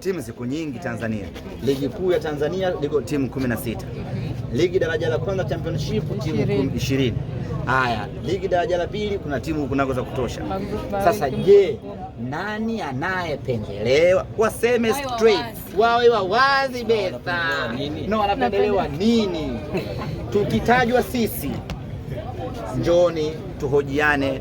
Timu ziko nyingi Tanzania. Ligi kuu ya Tanzania liko timu 16. Ligi daraja la kwanza championship timu 20. Haya, ligi daraja la pili kuna timu kunako za kutosha. Sasa je, nani anayependelewa? Waseme straight, wawe wawazi besa, no wanapendelewa nini? Tukitajwa sisi, njoni tuhojiane,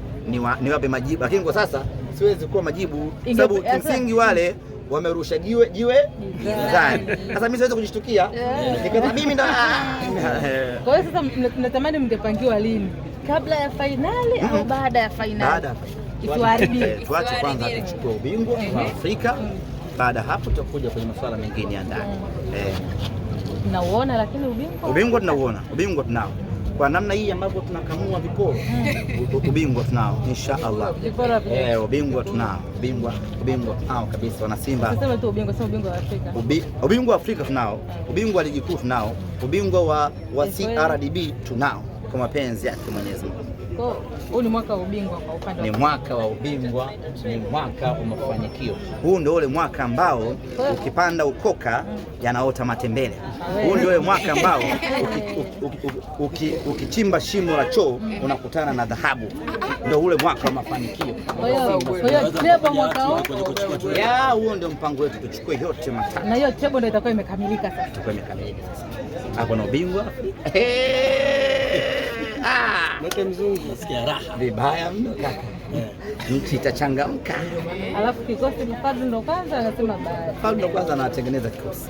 niwape majibu, lakini kwa sasa siwezi kuwa majibu sababu kimsingi wale wamerusha jiwe jiwe mizani. Sasa mimi siwezi kujishtukia, nikaza mimi ndo. Kwa hiyo sasa mnatamani mngepangiwa lini, kabla ya fainali mhm. au baada ya fainali? Eh, tuache kwanza tuchukue ubingwa mhm. wa Afrika, baada hapo tutakuja kwenye masuala mengine ya ndani. Mhm. Eh. Tunauona, lakini ubingwa ubingwa tunauona, ubingwa tunao kwa namna hii ambavyo tunakamua viporo ubingwa tunao insha Allah. Eh, ubingwa tunao, ubingwa ubingwa tunao kabisa, wana Simba. Sasa tu ubingwa, sio ubingwa wa Afrika. ubingwa wa Afrika tunao, ubingwa wa ligi kuu tunao, ubingwa wa wa CRDB tunao, kwa mapenzi yake Mwenyezi Mungu. Huu ni mwaka wa ubingwa kwa upande ni mwaka wa ubingwa, ni mwaka wa mafanikio. Huu ndio ule mwaka ambao ukipanda ukoka yanaota matembele. Huu ndio ule mwaka ambao ukichimba shimo la choo unakutana na dhahabu. Ndio ule mwaka wa mafanikio. huo ndio mpango wetu, tuchukue yote matatu, na hiyo tebo ndio itakuwa imekamilika sasa, itakuwa imekamilika hapo na ubingwa Mwete mzungu. Nasikia raha. Vibaya mno kaka. Nchi itachangamka. Alafu kikosi mfadhi ndo kwanza anasema baya. Mfadhi ndo kwanza anatengeneza kikosi.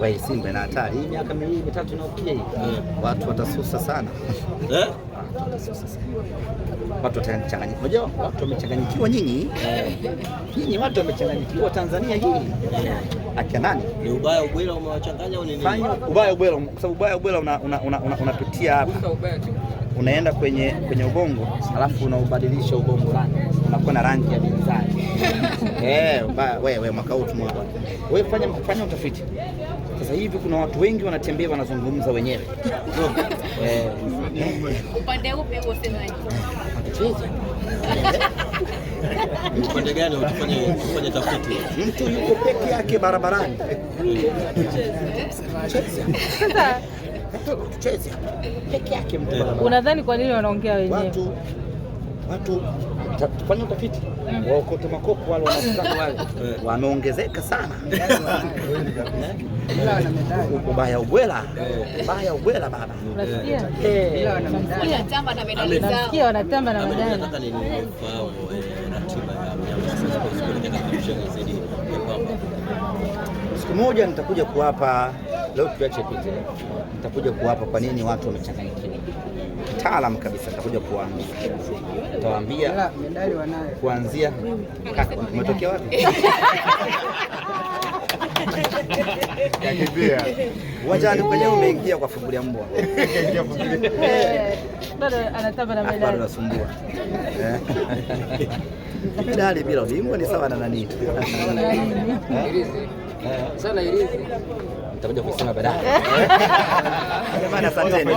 Wewe Simba na hatari hii miaka miwili mitatu inayokuja hii. Eh. Watu watasusa sana. Eh? Watu watachanganyikiwa. Unajua watu wamechanganyikiwa nyinyi. Eh. Nyinyi watu wamechanganyikiwa Tanzania hii. Eh akia nani? Ni ubaya ubwela umewachanganya au nini? Fanya ubaya ubwela, kwa sababu ubaya ubwela unapitia una, una, una hapa unaenda kwenye kwenye ubongo alafu unaubadilisha ubongo rangi, unakuwa na rangi ya bizani eh, ubaya wewe. Mwaka huu tumeona wewe, fanya fanya utafiti sasa hivi, kuna watu wengi wanatembea wanazungumza wenyewe eh, upande upe huo sema upande gani? Tufanye tafiti. Mtu yuko peke yake barabarani, barabarani. Unadhani kwa nini wanaongea wenyewe watu watu tufanye utafiti mm. waokote makopo wale wanaotaka wale eh, wameongezeka sana huko ubwela yaani eh, ubaya ubwela eh. baba nasikia wanatamba na medali siku moja nitakuja kuwapa leo tuache pite nitakuja kuwapa kwa nini watu wamechanganyikiwa kitaalam kabisa nitakuja kuwaambia, nitawaambia kuanzia. Umetokea wapi? Kakimbia. Uwanjani kwenye umeingia kwa fungu la mbwa. Bado anatamba na medali. Bado anasumbua. Eh. Medali bila bingwa ni sawa na nani? Eh, Sana ilizi. Nitakuja kusema baadaye. Jamani asanteni.